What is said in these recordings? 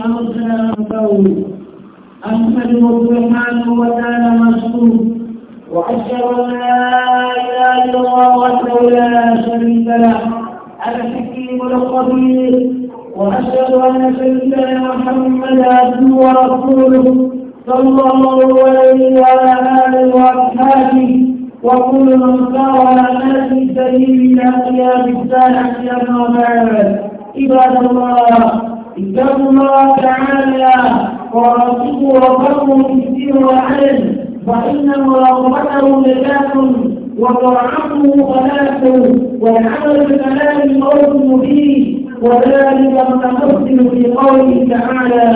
أرسل ربه أحمده سبحانه وتعالى مشكور وأشهد أن لا إله إلا الله وحده لا شريك له الحكيم الخبير وأشهد أن سيدنا محمد عبده ورسوله صلى الله عليه وعلى آله وأصحابه وكل من سار على هذه سبيل الله قيام الساعة يا يوم عباد الله اتقوا الله تعالى وراقبوا ربكم في السر والعلن فإن مراقبته نجاة وطاعته خلاف والعمل بكلام الموت مبين وذلك متمثل في قوله تعالى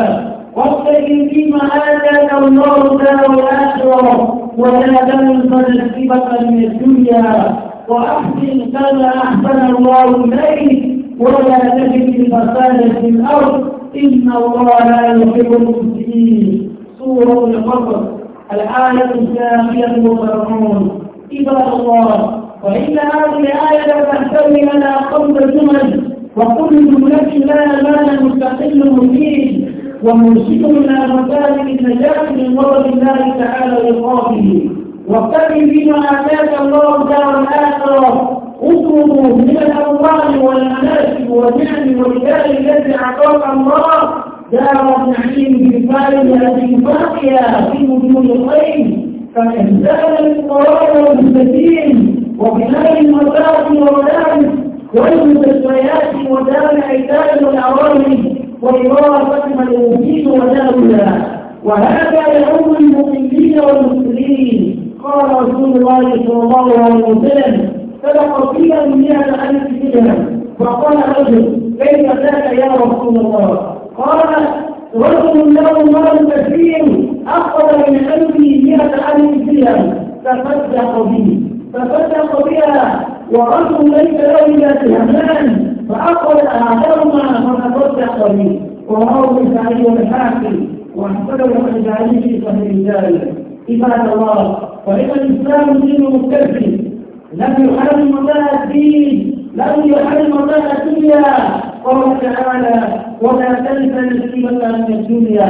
واتقي فيما آتاك الله دار الآخرة ولا تنس نصيبك من الدنيا وأحسن كما أحسن الله إليك ولا تجد فسادا في الأرض إن الله لا يحب المسلمين سورة القصص الآية الثانية والأربعون عباد الله وإن هذه الآية تحتوي على خمس جمل وكل جملة لا مال مستقل مفيد ومرشد إلى مسالك النجاة من غضب الله تعالى وإقامه وابتغي بما آتاك الله دار الآخرة اطلبوا من الأموال والأنام ونعم الوكالة الذي اعطاك الله دار النعيم الذي بقي في وجود الخير فمن زال القرار والمستدين وبناء المساجد والمدارس والمستشفيات ودار العتاب والاراضي وإضافة ودار الله وهذا يعم المؤمنين والمسلمين قال رسول الله صلى الله عليه وسلم صدق من مئة ألف درهم فقال رجل كيف ذاك يا رسول الله قال رجل له مال كثير اخذ من قلبي مئة الف درهم تصدق به تصدق بها ورجل ليس له الا درهمان فاخذ احدهما فتصدق به ورواه النسائي والحاكم واحسنه الالباني في صحيح ذلك عباد الله فان الاسلام دين مكتفي لم يحرم الله الدين لم يحرم الله الدنيا قال تعالى ولا تنس نصيبك من الدنيا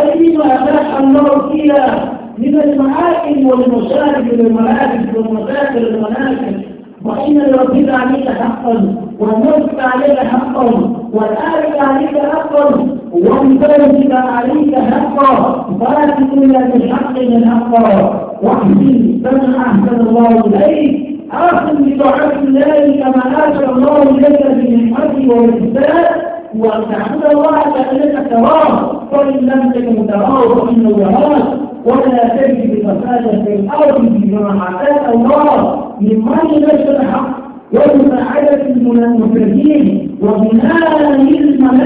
أي ما أباح الله فيها من المعاقل والمشارب والمراكب والمذاكر والمناكب وإن الوكيل عليك حقا والنصف عليك حقا والآلك عليك حقا والفرد عليك حقا فلا تكون الحق من حقا واحسن فمن أحسن الله إليك أخذ بطاعة الله كما آتى الله من الحج وبالإحسان وأن تعبد الله كأنك تراه فإن لم تكن تراه فإنه يراك ولا تجد بفساد في الأرض في آتاك الله من من نفس الحق ومساعدة المنافقين وبناء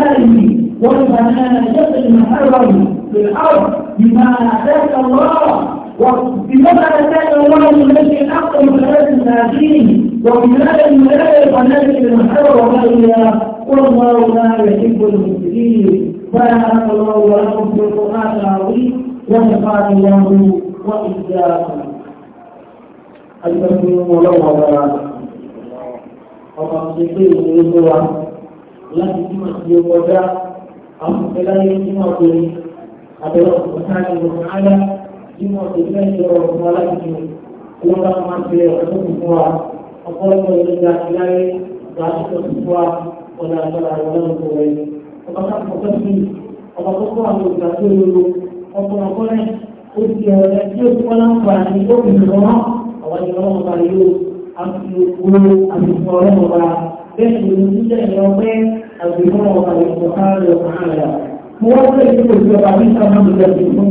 وبناء ومناجة المحرم في الأرض بما آتاك الله وبماذا كان الله الذي اقرب بلاد المهاجرين وبماذا الملاك القناه المحرره والى والله لا يحب المسلمين فلا الله لكم في القران العظيم ونفعني الله واياكم التسليم ملوضا وتصديقه بالقوه لكن كما في الوداع أو في خلال كما في الله سبحانه وتعالى tí wọ́n ti fẹ́ yọ ọ̀gbọ́n aláìjọ lọ́gbà máa ń bẹ ọ̀dọ́ fún wa ọ̀pọ̀lọpọ̀ ìlú àti láyé ìgbàlódé fún wa ọ̀dà àgbàlá ọlọ́run kò wẹ̀. ọba káàkiri ọ̀pẹ́ sí ọba tó kọ́ àwọn ìgbà tó lolo ọkọ̀ ọ̀kọ́rẹ́ ó ti ọ̀rẹ́ tí ó ti wọ́n láǹfà ní obìnrin wọn ọ̀wá ni wọ́n ọba yóò àti owó àtìkọ́ ọlọ́run ọba bẹ́ẹ̀ ni ó ti tẹ̀lé ọgbẹ́ àgbẹ̀wọ̀n ọba ìgbọ̀ká rẹ̀ ọ̀kan rẹ̀. mo wá pẹ̀lú ìgbòkè ọba bí sábà ń lọ sí fún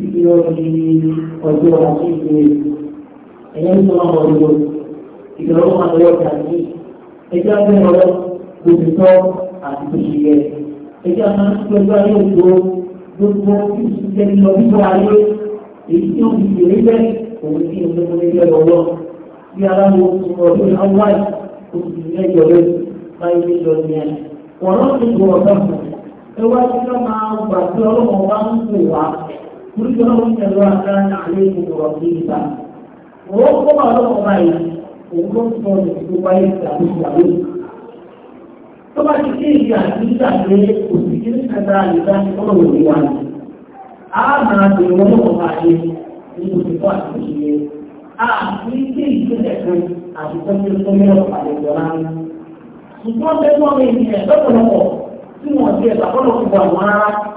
títí ó di ọjọ́ àti ìgbé ẹ̀yẹ́ ń sọ́nà ọ̀dọ́ ìgbàlọ́wọ́ máa lọ́wọ́ ti àti ẹjọ́ abẹ́ ọ̀rọ̀ gbogbo àti gbogbo yẹ ẹjọ́ máa ń fi ọjọ́ ayé òdo gbogbo ìṣiṣẹ́ lọ bíbọ ayé èyí tí ó fi ṣeré bẹ́ẹ̀ òun ní ọjọ́ ilé ọlọ́ bí aláwo ọdún hawaii oṣù mẹ́jọ rẹ̀ láyé mẹ́jọ ní ẹ̀ nítorí wọn ń tẹ̀lé àká àlẹ́ ìgbòho ọ̀gbìn ìta. Òun kọ́ máa lọ́wọ́ báyìí, òun ló ń sọ ìdìbò wáyé ìgbàlú ìgbàlú. Tó bá ti kéèké àti ìgbàgbé òṣìṣẹ́ nígbàdá àyíká ti kọ́ lọ́wọ́ ìwà ni. A máa bèrè wọn lọ́wọ́ báyìí ní òṣìṣẹ́ àti òṣìṣẹ́. A ní kéèké ẹ̀kan àti tọ́jú tó mẹ́rọ àlejò rárá. Ṣùgbọ́n bẹ́ẹ̀ mọ́ mi ìyẹn lọ́pọ̀lọpọ̀ tí wọ́n ti ẹ̀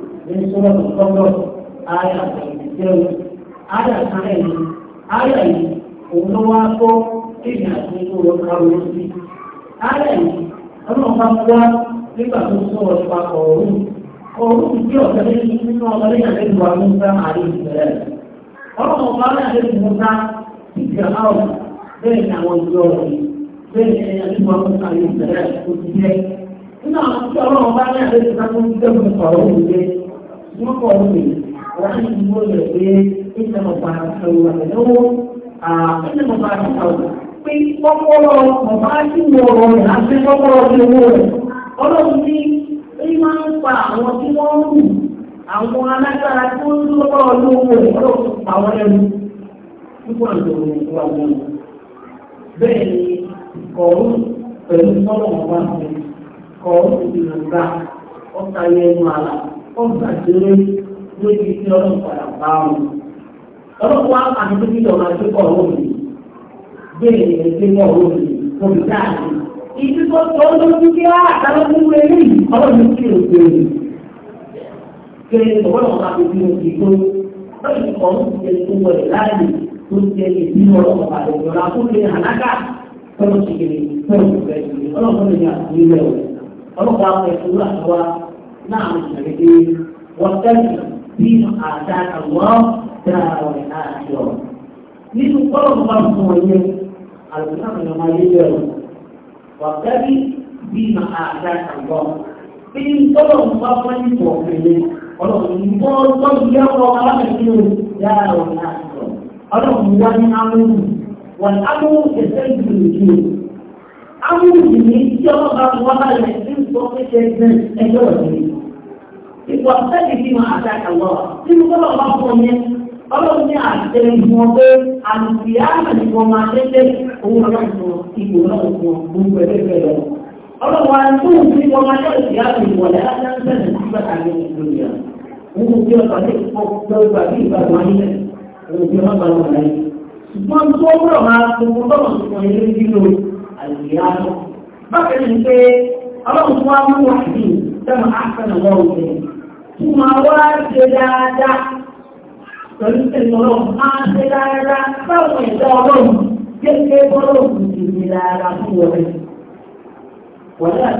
nínú sọ́dọ̀ tó tọ́jọ́ ààyà ìjẹun ààyà yìí òun ló wá kó kéèyàn àti ikú lọ sí ààyà yìí ọlọ́run bá wá nígbà tó sọ̀rọ̀ nípa ọ̀run ọ̀run tí ọ̀sẹ̀ nínú ọmọ lẹ́yìn àlejò wa ló ń bá àlè ìbẹ̀rẹ̀ ọlọ́run ọba lẹ́yìn àlejò ló ń bá ìgbà áwọ̀ bẹ́ẹ̀ ni àwọn ìjọ rẹ̀ bẹ́ẹ̀ ni àlejò wa ló ń bá àlè ìbẹ̀rẹ̀ ó nínú àwọn tí ọlọ́run ọba lẹ́yìn àlejò wa bá àlè ìbẹ̀rẹ̀ wọ́n kọ́ ọ́ pé wọ́n ti ń gbọ́ yẹ pé ìjọba àtàwọn àgbẹ̀lọ́wọ́ ìjọba àtàwọn pé kọ́kọ́rọ́ bàbá tí wọ́n rọ̀ rẹ̀ àti kọ́kọ́rọ́ tí owó rẹ̀ ọlọ́run ní ní máa ń pa àwọn tí wọ́n ń rù àwọn alágbára tí wọ́n ń lọ́wọ́ lówó rẹ̀ ọlọ́run pa wọ́n lẹ́nu nígbà tó ń wà lẹ́nu bẹ́ẹ̀ ni kọ̀ọ̀rù pẹ̀lú sọ́lọ̀ ọ̀gbà kọ̀ọ̀rù ìdìbò gbà ọ̀tayẹnu àlàkù ó gbà tó lórí lórí tí ọlọ́run padà bá wọn. ọlọ́run wá àti tó kíkọ máa tó kọ̀ ọ́ mi bẹ́ẹ̀ ni ẹgbẹ́ kọ̀ ọ́ mi kò ní káàdì. ìdí tó tọ́ lójú kí á àtàlọ́ fún wọn eléyìí ọlọ́run kí o gbé mi. pé ọlọ́run máa fi bí o kì í tó lọ́yìn kan ó ti tó wọlé láàyè tó ti ẹni bí ọlọ́run padà ìjọba kó lè hànákà tọ́lọ́ ti kiri tọ́lọ́ ti bẹ̀rẹ̀ ọlọ́run ní àtúnyẹ̀wò ọlọ́run á pẹ̀lú àtọwá náà ìgbàlódé wọ́n tẹ́lẹ̀ bí àdá àwọ̀ dára rẹ̀ náà yọ. nínú kọ́lọ̀ bá fún wọn yẹ àlùkò náà ló máa yé bẹ́ẹ̀ wọ́n tẹ́lẹ̀ bí àdá àwọ̀ bí kọ́lọ̀ bá fún yín bọ̀ fẹ́lẹ́ ọlọ́run ní wọ́n tọ́ ìyá ọkọ̀ alábẹ̀kẹ́ o dára rẹ̀ náà yọ. ọlọ́run wá ní amóhùn àwọn òbí tí ọmọ bá mú wá balẹ̀ ní nǹkan pété ẹgbẹ́ ẹjọ́ rẹ̀. Ìpò àtẹ́lẹ̀ fi máa da ẹ̀wọ̀ nínú bọ́lá ọba fún ọ yẹn. Ọlọ́run ní àtẹ̀lẹ̀ wọn pé àlùfí àmà ní wọn máa tẹ́tẹ́ owó náà sọ ipò náà sọ gbogbo ẹgbẹ́ rẹ̀ lọ. Ọlọ́run wa tó ń fi wọn máa tẹ́lẹ̀ sí àmì ìwọ̀lẹ́ aláǹsẹ̀lẹ̀ àlùyáàmù. Bákan ní pé ọlọ́run tó wá mú wá sí sẹ́mu àfẹ́nà lọ́wọ́ rẹ̀. Tó máa wá ṣe dáadáa pẹ̀lú sẹ́nu ọlọ́run máa ṣe dáadáa sáwọn ẹ̀dá ọlọ́run gẹ́gẹ́ bọ́lọ́run ti ní dáadáa fún wọlé. Wọ́n yá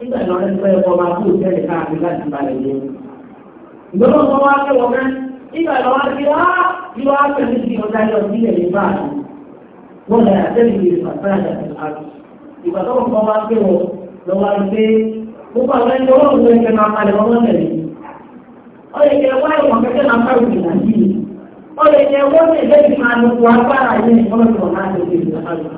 nígbà tí wọ́n fẹ́ ọmọ akú òtẹ́lẹ̀ káàkiri láti balẹ̀ ní. ìgbọ́dọ̀ kan wá kẹ́wọ̀ mẹ́ nígbà tí wọ́n ti wá bí wọ́n á pẹ̀lú sí ọjà yọ sílẹ̀ ní báàlù. wọ́n lè àtẹ́lẹ̀ ìlú pàtàkì àti ìgbà tó kọ́ wá kẹ́wọ̀ lọ́wọ́ pé gbogbo àwọn ẹni wọ́n ń gbẹ̀kẹ́ máa palẹ̀ wọ́n mẹ́rin. ó lè jẹ́ wá ìwọ̀n kẹ́kẹ́ máa pàrọ̀ ìgbà wọ́n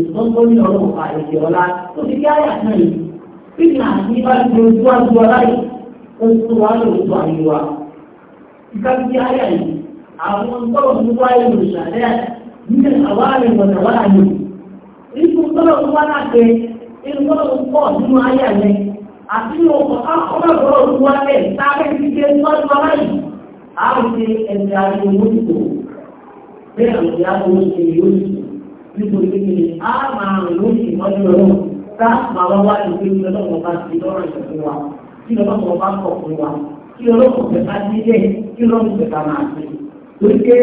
ìsọ́nbọ́lé ọ̀rọ̀ ọ̀pá èdè ọ̀la tó fi kí àyà náà yìí fífi àti bá ti ojú àti ọ̀la yìí ó ń tún wá lóòótọ́ ayé wa. ìkájú kí àyà yìí àwọn tọ́lọ̀ tó wáyé lòṣàlẹ́ nílẹ̀ àwárí ìwọ̀nà wà ní. ìfún tọ́lọ̀ tó wá láti inú tọ́lọ̀ tó pọ̀ nínú àyà yẹn àti ọkọ̀ akọ́lọ̀kọ́lọ̀ tó wá lẹ̀ sáré kíkẹ́ tọ́jú ọ̀la yìí á ti ẹ̀dá nítorí pé a máa rìn lórí ìmọ́jú ọlọ́run tá máa wá wá ìwé ìwé ọlọ́run ọba sí lọ́rọ̀ ìṣẹ̀fún wa kí ọlọ́run ọba kọ̀ fún wa kí ọlọ́run pẹ̀ka dídẹ̀ kí ọlọ́run pẹ̀ka máa ṣe. torí pé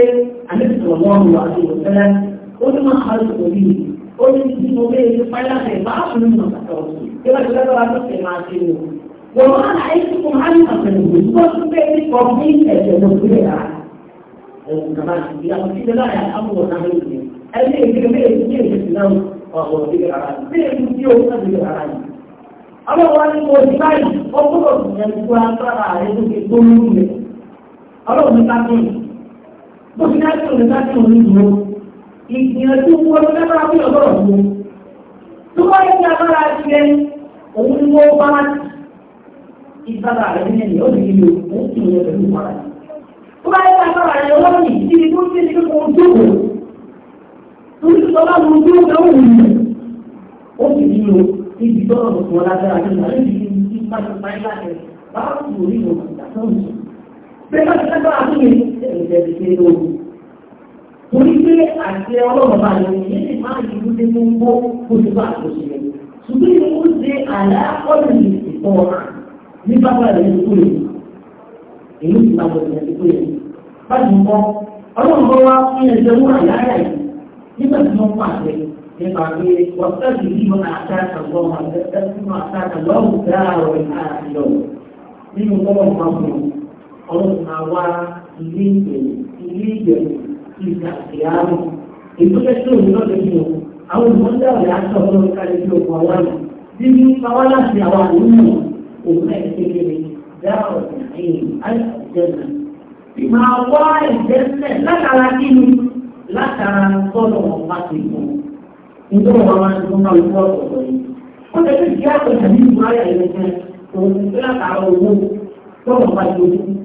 àlejò ọlọ́run wa ti wọ̀tẹ́lẹ̀ ó ní máa ha lóko rí i ó ní tí mo bẹ́ẹ̀ ní fáyàfẹ́ bá a fún mi nàkàtà ọ̀sùn kí wọ́n ti lọ́dọ̀ wa tó fẹ́ máa ṣe wò. wọ́n máa bẹ́ẹ̀ ní kọ́ fún ìṣẹ̀lẹ̀ lọ́gbẹ̀ẹ́ rà. ẹ̀rù kàbá ti di àwọn ìṣẹ̀lẹ̀ láyà á náà lóye ẹni ìdíkẹ́ bí èyí yìí ti náà ọ̀rọ̀ ìdíkẹ́ ara rẹ̀ bí èyí tí ó náà ìdíkẹ́ ara rẹ̀. ọlọ́wọ́ ni mo ti báyìí ó gbọ́dọ̀ gbìyànjú agbára rẹ̀ ló ti tó lórí rẹ̀ ọlọ́wọ́ mi sáfún bó ti dá sí òun sáfún òun òun ní kó ti ní kó Torí sọlá mo bí ó ní lo ibi tó rọrùn fún ọlágbára ní ìwọ̀n ìgbà tó Bẹ́ẹ̀ bá ti lágbára fún mi, ẹ̀jẹ̀ ti ṣe lóògùn. Torí pé àti ọlọ́run bá yẹ kí ẹ̀sìn máa yí ló dé mú gbó kó ti bá àkóso yẹn. Ṣùgbọ́n ìlú ó ṣe nígbà tí wọ́n pàṣẹ nípa pé wọ́tẹ́ẹ̀lì yìí wọn àtàkà lọ́wọ́ àtẹ́tẹ́sí wọn àtàkà lọ́wọ́ dáàrọ̀ ìhàlọ́ nínú tọ́lọ̀ pàmò ọlọ́run máa wá ilé ìgbẹ̀rù ilé ìgbẹ̀rù ìgbà ìyáàmù ètò ẹ̀sìn òun lọ́dọ̀ ní o àwọn olùmọ̀dé ọ̀rẹ́ aṣọ ọlọ́run kálẹ̀ bí òkú ọwọ́ rẹ̀ bíbí pawá láti àwọn àlùmọ̀ òun náà ti kékeré dáàrọ̀ ìhàlọ́ látara sọ́dọ̀ wọn bá ti fún un wọn máa ń tún náà lọ́wọ́ ọ̀sọ̀ yìí. wọ́n tẹ̀lé ìdí àpẹẹrẹ ní ìlú ayà ìrẹsẹ̀ òun ti látara owó lọ́wọ́ bá ti fún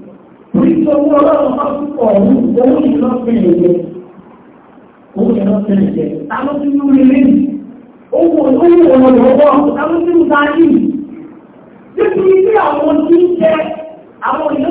torí tí owó ọlọ́run bá tún pọ̀ ọ̀hún owó yìí lọ́ fẹ́rẹ̀ jẹ. owó yìí lọ́ fẹ́rẹ̀ jẹ. ta ló ti lú ilé owó ìwọ̀n lọ́wọ́ ta ló ti lú sáyé yìí? nítorí àwọn tí ń jẹ àwọn ìlú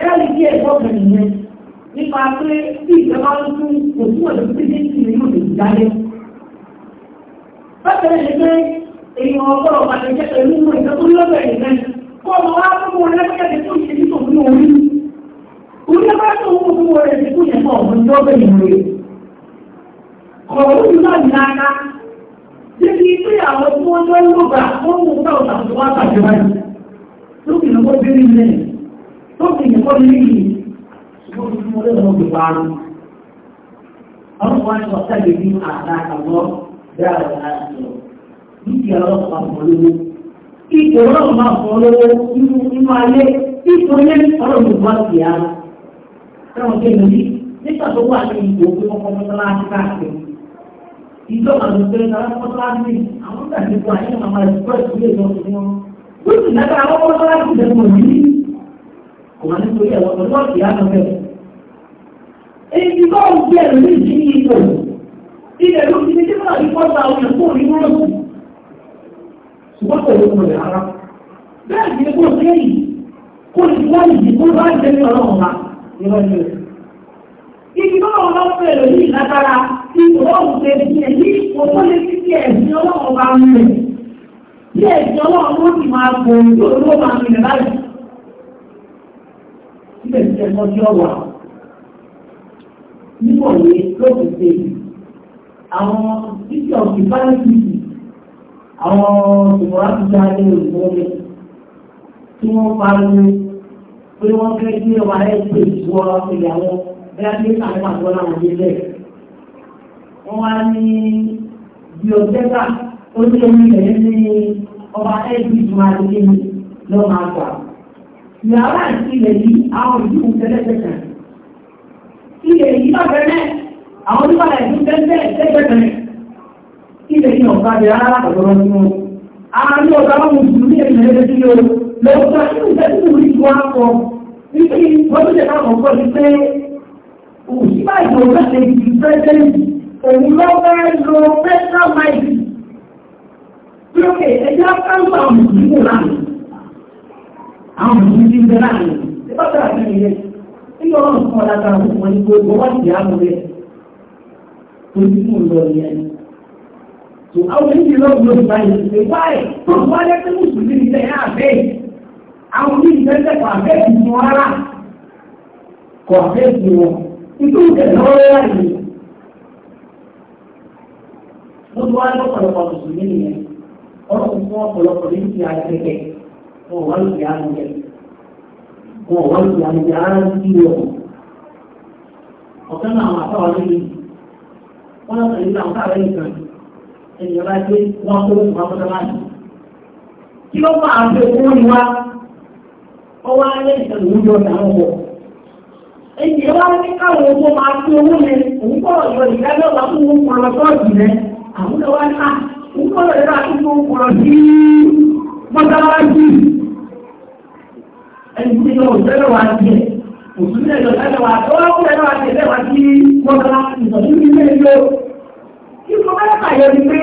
ẹ̀rọ ìdí ẹ̀kọ́ kan nìyẹn nípa pé bí ìjọba ń tún kò tún tó dé sí ìlú òdò ìdálẹ́. bákan náà pé èèyàn ọgọ́rọ̀ pàtó jẹ́ pẹ̀lú ìmọ̀ ìjọba lọ́dọ̀ ìrìnlẹ̀ kó ọmọ wa fún wọn lẹ́gbẹ̀ẹ́ tó ṣe ní tòun ní orí. orí ọba tó ń fún wọn rẹ̀ síkú yẹn náà ọ̀gbọ́n tó bẹ̀ rẹ̀. ọ̀rọ̀ òun náà ní aka débi pé àwọn tí wọ́n tó ń lò wọ́n mú tó ti ní kọ́ nílé yìí ṣùgbọ́n tó fún ọlọ́run ọgbẹ̀ parí àwọn ọmọ ẹni ọ̀sẹ̀ lè ní àdá àkàwọ́ dára láti lọ dúkìá ọlọ́run máa fọ́ lówó ipò ọlọ́run máa fọ́ lówó inú inú ayé ipò ilé ọlọ́run máa fi á táwọn ọjọ́ ìlú yìí nígbà tó wà ní ipò pé wọ́n kọ́ mọ́tọ́lá káàkiri ìjọba ló pé náà mọ́tọ́lá ní àwọn tàbí wà nínú àwọn ẹ̀sùn pẹ̀lú ilé ìjọba kò wá nítorí ẹ̀rọ ọjọ́ ìyá náà bẹ̀rẹ̀. Èyí bá ń jẹ́ ní ìdí ní ipò. Ilẹ̀ ló ti ní tí máa rí fọ́ta ọ̀nà kó rí wọ́n lọ́sùn. Ṣùgbọ́n kò ló mọ̀ rárá. Bẹ́ẹ̀ ni kó sẹ́yìn kó lè wọ́n ìdí kó bá jẹ́ ní ọlọ́run wa ní wọ́n ní rẹ̀. Ibi bá wọn lọ fún ẹ̀rọ yìí lágbára tí ọlọ́run ṣe ẹ̀ ní ipò tó lè fi síbẹ̀ síbẹ̀ mọ́jú ọ̀wà níwọ̀nyí lóògùn ṣe àwọn títí ọ̀sìn bá ní títì àwọn ìmọ̀ra ti dá ní olùmọ́lẹ̀ tí wọ́n pariwo pé wọ́n fẹ́ gbé ọmọ ayé tó ìṣúwọ́ ìyàwó bẹ́ẹ̀ bí àwọn àgbọ̀ làwọn dé bẹ́ẹ̀. wọ́n wá ní biotẹ́kà ó ní omi rẹ̀ ní ọba ẹ̀ẹ́dì máa dé lọ́ọ́ máa gbà yàrá àti ilẹ̀ yìí àwọn ìlú tẹ́lẹ̀tẹ̀tẹ̀ ilẹ̀ yìí náà bẹ̀rẹ̀ àwọn onímọ̀ ẹ̀dún tẹ́lẹ̀tẹ̀tẹ̀ ilẹ̀ yìí ọ̀gá bẹ̀rẹ̀ rárá ọ̀dọ́rọ̀ nínú àárín ọ̀gá wọn mùsùlùmí ẹ̀mí ẹ̀rẹ́ sí yóò lọ́wọ́ tó ìtẹ́sùn orí ju akọ wípé wọ́n tó àwọn òṣìṣẹ́ ti ń bẹ láàrin ìbátà àti ìyẹ nínú ọlọ́run fún ọ̀dà kan fún wọn ní gbogbo wọ́n ti àmú rẹ̀ tó ti fún ìlọ ìyẹn tó àwọn oníṣẹ́ lọ́wọ́ ló gba ìṣẹ̀ṣẹ̀ wáyé tó wá lẹ́ pé mùsùlùmí ní sẹ́yìn àbẹ́ àwọn oníṣẹ́ sẹ́kọ̀ọ́ àbẹ́ ti mú ara kọ̀ àbẹ́ ti wọn ikú ìtẹ̀lọ́wọ́ láyé mo ti wá lọ́pọ̀lọpọ̀ mùsùlùmí nìyẹn ọlọ́run fún ọ̀pọ̀lọpọ̀ ní ti àgbẹ̀kẹ̀ ko wani ya ne ko wani ya ne ya ọ̀kan náà wà fáwọn níbi wọ́n lọ́sọ̀ ìlú àwọn káàrẹ́ nìkan ènìyàn bá gbé wọ́n tó wọ́n máa mọ́tọ́ láti kí ló fà á pé owó ni wá ọwọ́ alẹ́ ìṣẹ̀lẹ̀ òun yọ ọ̀dà wọn bọ̀ ènìyàn ní káwọn owó máa tó owó yẹn òun kọ́ ọ̀yọ́ ìdájọ́ wà fún òun kọ̀ lọ rẹ àwọn ọ̀dọ́ wá ká òun kọ́ ọ̀yọ́ ẹni tó wọ́n tẹ́lẹ̀ wá sí mọ́tàlá ìtọ́jú ní ilé ìlú kí mo bá yàtà yẹ ni pé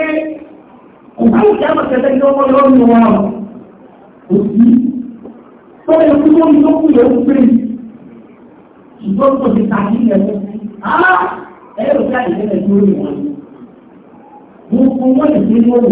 kò bá ìjà mọ̀ tẹ́lẹ̀ tí ọkọ̀ lọ́wọ́ mi wọn kò sí tó yẹ kí wọ́n tó kú yẹ kú pé ṣùgbọ́n kò sí tàbí yẹ kú àmà ẹ̀rọ jáde tẹ́lẹ̀ tó rí wọn gbogbo wọn lè dé lóru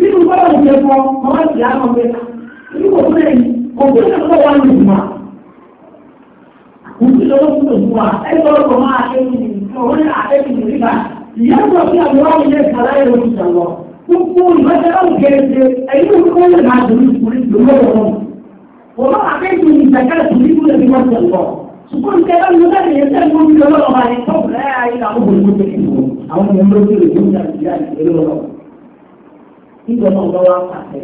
nínú bọ́lá òjò ẹ̀fọ́ ọmọ ìyá ọmọ ẹ̀ka nínú kò fún ẹ̀yìn ọ̀gbọ́n náà lọ́wọ́ wà ní ìgbà òjò lọ́wọ́ fún òjò wa ẹgbẹ́ ọkọ̀ máa akẹ́kọ̀ọ́ ọ̀rọ̀ ní akẹ́kọ̀ọ́ nígbà ìyá ọ̀gbọ́n fi àwọn ọmọ ilé ìsàlá ẹ̀rọ ìṣàlọ́ gbogbo ìgbàjẹ́ láwùjẹ ẹ̀ṣẹ̀ ẹ̀yìn òjò lè máa dùn ìkùnrin lọ́wọ́ wọn. ọ̀rọ̀ nígbà náà lọ́wọ́ pàṣẹ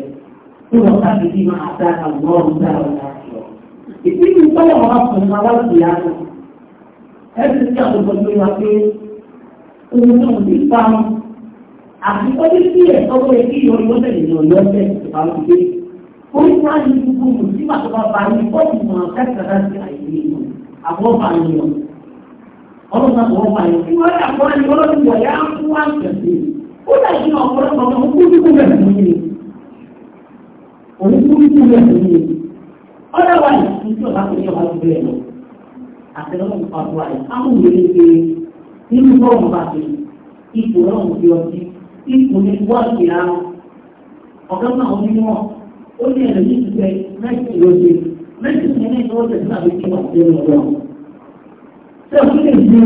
tí wọ́n sábì bí máa dára lọ́rùn dára láti ọ̀. ìpínlẹ̀ ìpínlẹ̀ wọn kò máa wá sí àná ẹ̀sìn tí àwọn ọmọdé wa pé ohun tó ń lè pa wọn àti ọdún sí ẹ̀kọ́ pé kí ìyọ̀ ìwọ́n tẹ̀lé ní ọ̀yọ́ tẹ̀ ìjọba ló dé. orí wa ní gbogbo mùsùlùmí àtọ́ba bá ní bọ́ọ̀lù mọ̀ kẹ́kẹ́rẹ́ sí àìsí ìlú àbọ̀bà ń yọ. ọlọ́run àbọ̀bà yọ. ìwọ́n yà kódà yìí náà ọ̀pọ̀lọpọ̀ ọmọ òun kúrú kúrú ẹ̀sìn yìí ni òun kúrú kúrú ẹ̀sìn yìí ni ọ̀dàwà yìí tí ọba kò ní ọba ti bẹ̀rẹ̀ lọ àtẹnudọ́ nípa ọ̀dọ́ rẹ̀ káwọn òun lè ṣe nínú bọ́ọ̀mù bá ṣe ipò náà ń fi ọtí ipò ní wọ́ọ̀kì ara ọ̀gá náà ó ní wọ́n ó ní ẹ̀rọ yìí ti fẹ́ mẹ́tì ló ṣe mẹ́tì ní ẹni tó ṣe fún àbí kí wọ́n ṣe ń lọ. ṣé o tún lè ṣe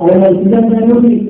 ọ̀rọ̀ ìdílé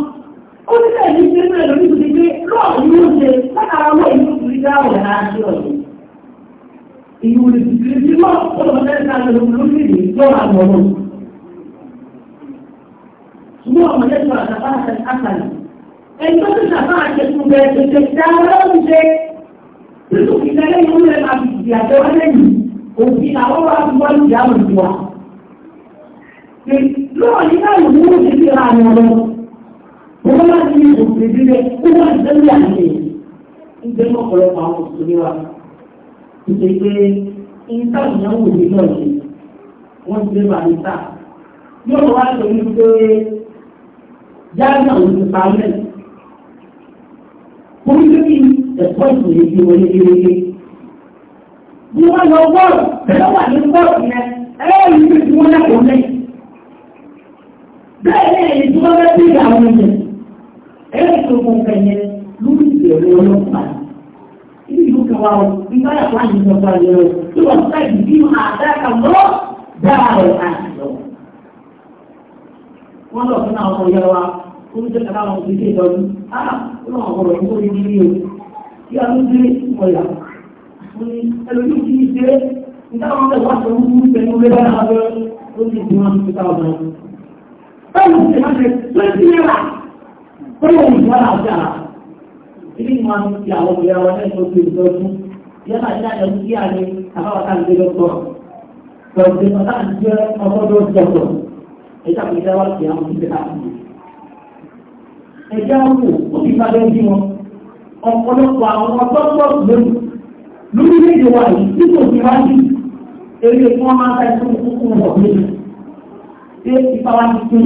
ó ti bẹ́ẹ̀ ní pé bẹ́ẹ̀ lórí ìdílé pé lọ́ọ̀ ní ó ṣe látara owó ìlú ìlú dáhùn ẹ̀ náà ṣe ọ̀dọ̀. Ìlú ìdílé tí wọ́n ọlọ́mọ mẹ́rin náà lọ lórí ìlú lọ́wọ́ àwọn ọmọ. Ṣùgbọ́n ọmọ yẹn sọ àtàkà àtàlẹ̀. Ẹni tó ti sàmà àjẹkùn bẹ̀ ẹ̀jẹ̀ dáhùn ṣe títù ìtẹ́lẹ̀ yìí ń rẹ̀ máa fi ìdí lẹ́yìn òfin àwọn wa ti wọ́n ìdáhùn ìwà. Lọ́ọ̀ ní náà ìlú ó ti fi ra àwọn ọmọ wọ́n bá ti ní ìbùkún ìdílé kó wà nítorí àyè ìgbé ọ̀pọ̀lọpọ̀ àwọn òṣèré wa ìṣe pé ìta ìyàwó òde náà ṣe wọ́n ti lé bàbá ìta yóò wá sọ wípé yáàgbà òun ti pa mẹ́rin mo ní kí ẹ̀kọ́ ìṣòro ti wọlé kéréje bí wọ́n lọ bọ́ọ̀lù bẹ́ẹ̀ wà ní bọ́ọ̀lù yẹn ẹ̀rọ ìlú tí wọ́n lẹ́kọ̀ọ́ mẹ́rin bẹ́ẹ̀ ni èyí tí wọ́n fẹ́ sí ìyàwó mẹ́rin ẹ̀rọ ìṣògùn kẹyẹ lórí ìbẹ̀rù ọlọ́pàá ibi ìlú kan wà ìgbà yàtọ̀ àyè ìjọba yẹn o tí wọ́n ti sáyé máa dáka lọ dáa rẹ̀ àjọ. wọ́n lọ fún àwọn ọ̀yẹ́ wa tó ń jẹ́ kàtà àwọn òṣèlú ìdọ́jú áà ó lọ́wọ́ ọ̀rọ̀ tó ń bí o kí a ló dé ìmọ̀yà fún ẹlòmí kì í ṣe ìdáwọn ọ̀rẹ́ wà tó ń mú pẹ̀lú rẹ̀ lára rẹ̀ ó ti dùn án tó ta ọ̀dọ̀. báyìí Bẹ́ẹ̀ ni ìyára ọjà ilé ìmọ̀ àti ti àwọn ìyá wa náà ló ti lọ́dún. Ìyára ìyá rẹ̀ ń kí àlè àbáwọ̀ká ń gbé lọ́tọ̀. Lọ́dún ọ̀tá ń jẹ́ ọgọ́dọ̀ ọ̀tọ̀. Ẹja kò jẹ́ wá sí àwọn ìgbésẹ̀ káàkiri. Ẹja wò ó ti bá bẹ́ẹ̀ bí wọn. Ọ̀pọ̀lọpọ̀ àwọn ọgbọ́gbọ́ lórí lórílẹ̀-èdè wa yìí tí kò ti wá sí eré tí wọ́n máa ń ta ìfún ìfún ọ̀gbìn. Ṣé ìfáwá ti pín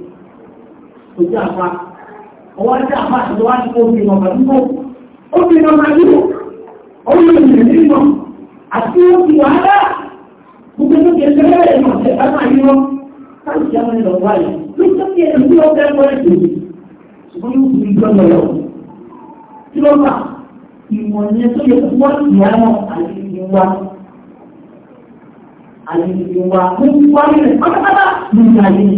kò àpá ọwọ́ ajá àpá àti wá ní ọmọ àdúgbò ọmọ àdúgbò ọwọ́ ìrìn nínú àti òkú wàhálà gbogbo tó kẹ lẹ́rẹ́ ẹ̀ máa tẹ̀ káàkiri àwọn ẹ̀rọ wáyé ló tó kẹ ẹ̀ ní ọgbẹ́ ẹ̀kọ́ ẹ̀ tòun ṣùgbọ́n yóò fi gbọ́ lọ lọ kí ló fà ìmọ̀ yẹn tó yẹ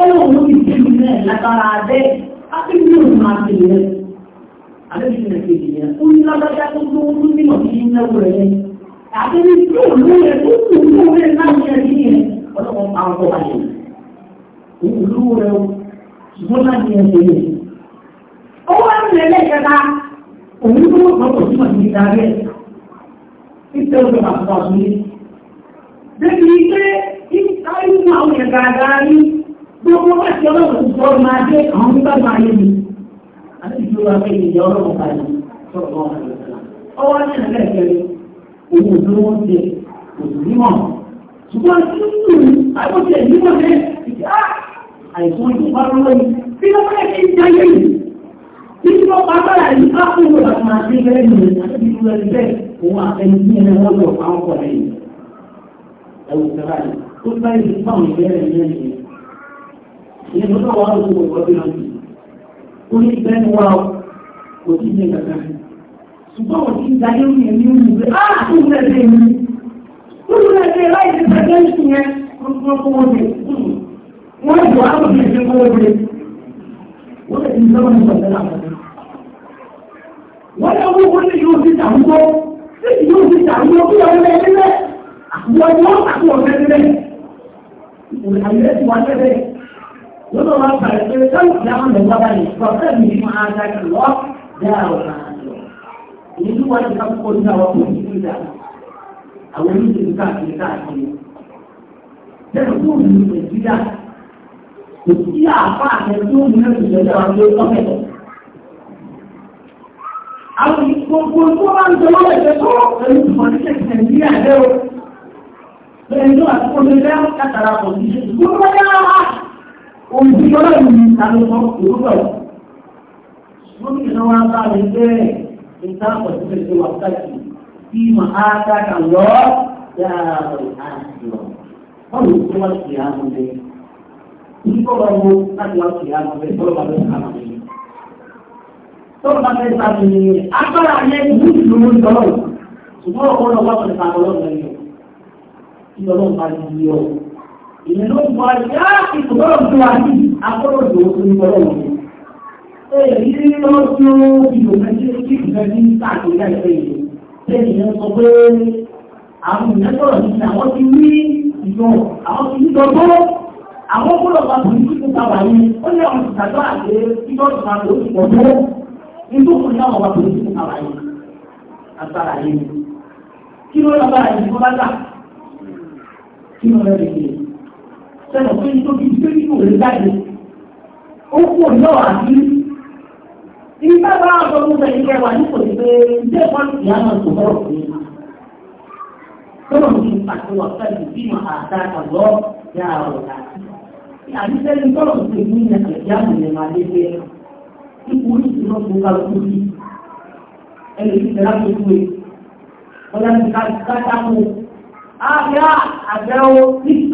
ọlọ́run ló fi tẹ́lú náà lágbára abẹ́ ápẹ́lú máa fi rẹ̀ àbẹ́bí rẹ̀ ó ní lágbájá tó tó ń tún bímọ sí náwó rẹ̀ àbẹ́bí tó ń rẹ̀ tó tún ń rẹ̀ láti rẹ̀ sí yẹn ọlọ́run máa ń kọ́ balẹ̀ òun lówó rẹ̀ o ṣùgbọ́n láti rẹ̀ sí yẹn. ó wá ń rẹ̀ lẹ́kẹ̀ẹ́ta òun tó ń pọ̀ sí màtí ní darí ẹ̀ nítorí màtí wà sí pé ìtàlù gbogbo wá sí ọlọ́run tó jọ máa dé àwọn nígbà máa yé mi àti ìjọ wa fẹ́ ìjọ ọlọ́run kalẹ̀ sọ̀rọ̀ wọn àti ìsìlá ọwọ́ ní ẹ̀rẹ́ ìkẹrẹ òun ò lówó ń jẹ òsì nímọ̀ ṣùgbọ́n tí ó ń lù àgbọ̀tì ẹ̀ nímọ̀ jẹ́ ìjà ah! àìsàn ìjọ bá lọ́wọ́ yìí bí wọ́n fẹ́ kí ń jẹ́ yé yìí bí wọ́n pa bára yìí bá fún ìwé àti máa dé bẹ́ẹ̀ nìyẹn àti ìjọ rẹ̀ bẹ́ẹ̀ òun àtẹnu sí ẹni wọ́n lọ fáwọn kọ̀ ìyẹn tó wà lóko ìwọ́dé lọ́dún ó ní ìgbẹ́ni wa kò sí ní ìgbàgbà rẹ̀ ṣùgbọ́n òtí ìdáyé ń yẹn ní ìlú pé á mi ó ní ah, láì ṣe pẹ̀lẹ́ ìṣù yẹn ó tún kó wọ́n dé wọ́n ìwà àwọn òbí ìṣe kó dé wọ́n lè ti sọ́wọ́n ní ìgbàgbà rẹ̀ wọ́n yẹ kó wọ́n ní yóò ti tàwùjọ sí yóò ti tàwùjọ kí wọ́n lẹ́ wọ́n lẹ́ lọ́dọ̀ wọn kà ẹ̀ pé káyọ̀ kí á mọ̀ wá báyìí kọ́ fẹ́ mi fún ara kí lọ́ dáa wọn máa lọ. Èyí ló wá ní ká kó ní àwọn kò ní ìdá. Àwọn oníṣègùn káàkiri káàkiri. Bẹ́ẹ̀ tó wù ní Nàìjíríà, kò sí àbá àtẹ tó wù ní Nàìjíríà wọn lé ọ̀fẹ́ lọ. Àwọn gbogbo tó bá ń jẹ wọ́n lẹ́sẹ̀ tó ẹ̀rù ìmọ̀ ní Nàìjíríà lẹ́wọ̀. Bẹ́ẹ̀ ni Òṣìṣẹ́ ọlọ́run ní ìtàlọ́sọ òwúrọ̀. Gómìnà wa bá mi pé ìta ọ̀sẹ̀ ṣe wà káàkiri bí mà á dáka lọ yàrá àjọ. Wọ́n lè tó wá sí àwọn ọmọdé. Nígbà wọn wo láti wá sí àwọn ọmọdé tọ́lọ́ bá lọ sí àwọn ọmọdé. Tọ́lọ́ bá fẹ́ sábà ní agbára yẹn ìlú ìlú lórí tọ́lọ́. Ṣùgbọ́n ọ̀pọ̀lọpọ̀ àwọn ìta ọlọ́run lẹ́yìn. ti ìlú bọ̀já ìtùbọ̀rọ̀ tó wà ní akọ́rọ̀dọ̀ onígbọ̀rọ̀ òun. Èyí ló tí ó ìlú méjì tí ìfẹ́ ní káàkiri àìpẹ́ yìí. Bẹ́ẹ̀ni yẹn sọ pé àwọn ìrẹ́sọ̀rọ̀ ní àwọn ti rí ìjọ àwọn ti rí dọ́gbọ́. Àwọn gbọ́dọ̀ bá bùn sí fún bàbá yìí. Ó ní àwọn ìtàgbọ́ àti ìjọ ìpàdé ó ti pọ̀ tó. bá bùn Kí ló lọ́ bá yìí fún bá gbà? sẹ́nà pé ní pé nínú rẹ̀ jáde ó kú ọ̀nà àti ìgbà bá ọ̀dọ́ mú sẹ́yìn kẹ́ wà nípò ní pé ilé ẹ̀kọ́ ìyá náà kò bọ́rọ̀ pé sọ́nà ní àtiwọ̀ sẹ́yìn bí mà á dá àlọ́ yá ọ̀rọ̀ láti. àti sẹ́yìn tọ́lọ̀ tó ní ẹ̀kẹ́ ìyá mi lè máa lé pé ipò oríṣiríṣi náà tó bá lóko sí ẹni tí ìfẹ́ láti fún mi. E. ọ̀dà ti ká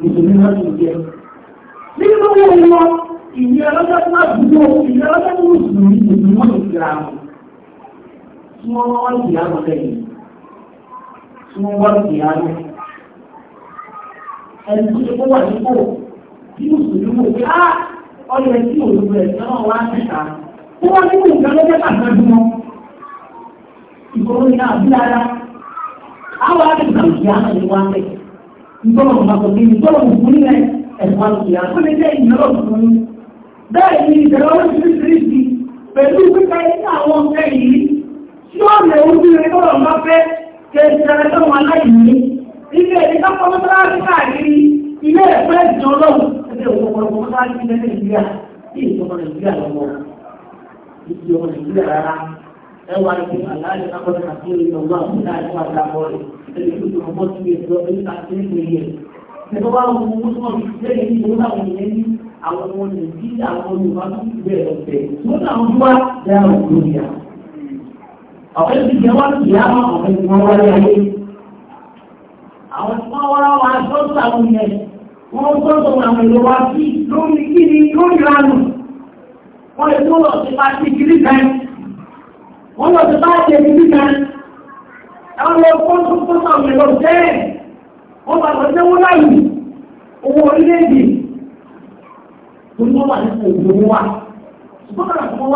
mùsùlùmí náà ti jẹ́. Nínú gbogbo ohun wọn, ìní ọlọ́jọ́ tó máa dúró, ìní ọlọ́jọ́ tó mùsùlùmí mùsùlùmí wọn ti ra wọn. Tí wọ́n wọ́n ti yá wọn lẹ́yìn. Tí wọ́n wọ́n ti yá wọn. Ẹni tó ṣe kó wà nípò tí mùsùlùmí wò pé á ọyọ tí òun rẹ̀ náà wá níta. Ó wá nínú ìgbà lọ́jọ́ pàtàkì wọn. Ìgbòho ni àbí ara. Àwọn àgbẹ̀ náà ti yá wọn ní wá bẹ́ẹ̀ ìtọ́lọ̀ mọ̀tọ̀kì ìtọ́lọ̀ fún ilẹ̀ ẹ̀fà ìyà tó lè jẹ́ ìyọ́lọ̀ fún ní bẹ́ẹ̀ ni ìjọba oríṣiríṣi pẹ̀lú pípa iná àwọn ọ̀fẹ́ yìí tí ó lè ojú rẹ̀ tọ́lọ̀ bá fẹ́ ṣe ìṣẹ̀lẹ̀ tó wọn aláìní ilé ẹ̀dí kápọ̀ mọ́tàlásí káàkiri ilé ẹ̀fẹ́ ìjọlọ́wọ́ ẹgbẹ́ òkòkòrò mọ́tàlásí ẹwà ní aláàlẹ́ akọ́dọ̀ àti ìtọ́gbà ọ̀gá ẹ̀kọ́ àdàpọ̀ rẹ̀ ẹni tó ti rọ̀bọ̀ sí ẹ̀dọ́ ẹni àti ẹ̀kọ́ yẹ. Ẹ̀kọ́ bá wọn mú sọ lẹ́yìn ní ìwọ́n àwọn ìyẹn ní àwọn ọmọ Nàìjíríà àwọn Yorùbá tó ti bẹ̀rẹ̀ ọ̀fẹ́. Wọ́n náà ń wá dáhùn lórí à. Ọ̀fẹ́ ti jẹ́ wọ́n ti yá wọn ọ̀fẹ́ ti wọ́n wáyé ayé. Àwọn tí wọ́n wá wá sọ́ọ̀tù àwọn ìyẹn. Wọ́n sọ́ọ̀tù àwọn èrò wa sí lórí kíni lórí lánàá. Wọ́n lè tó lọ wọ́n lọ sí báyìí níta àwọn tó tó sọ ọ̀rẹ́ lọ jẹ́ wọ́n bá wọ́n láyé owó orílẹ̀-èdè tó ní ṣùgbọ́n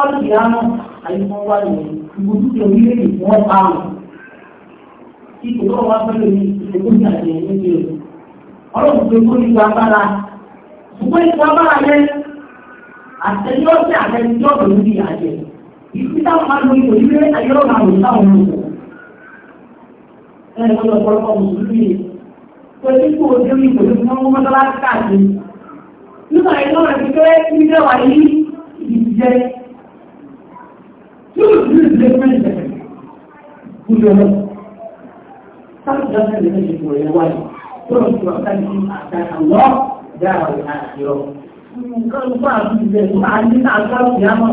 wọn ní àjẹ́ Ìtítà máa lo ipò ilé ayọ́rọ̀ máa lò táwọn olùkọ́. Ẹni wọ́n lọ pọ̀lọpọ̀ mùsùlùmí. Pẹ̀lú ipò ojú ipò tó fún ọmọ mọ́tọ́láṣí káàkiri. Nígbà yẹn lọ́rọ̀ ti pé ilé wa ní ìdíjẹ́. Yóò dúró ìdílé fún ẹ̀jẹ̀. Kúlù ọ̀rọ̀. Sáàtì dáná lè fẹ́ ṣe ìwọ̀ yẹn wáyé. Tó lọ sí ọ̀sán ní àtàkà lọ́ dára ìhà àti ọ̀. Nǹkan gbọ́ àbújẹ máa ní àgbà òkè àmọ́.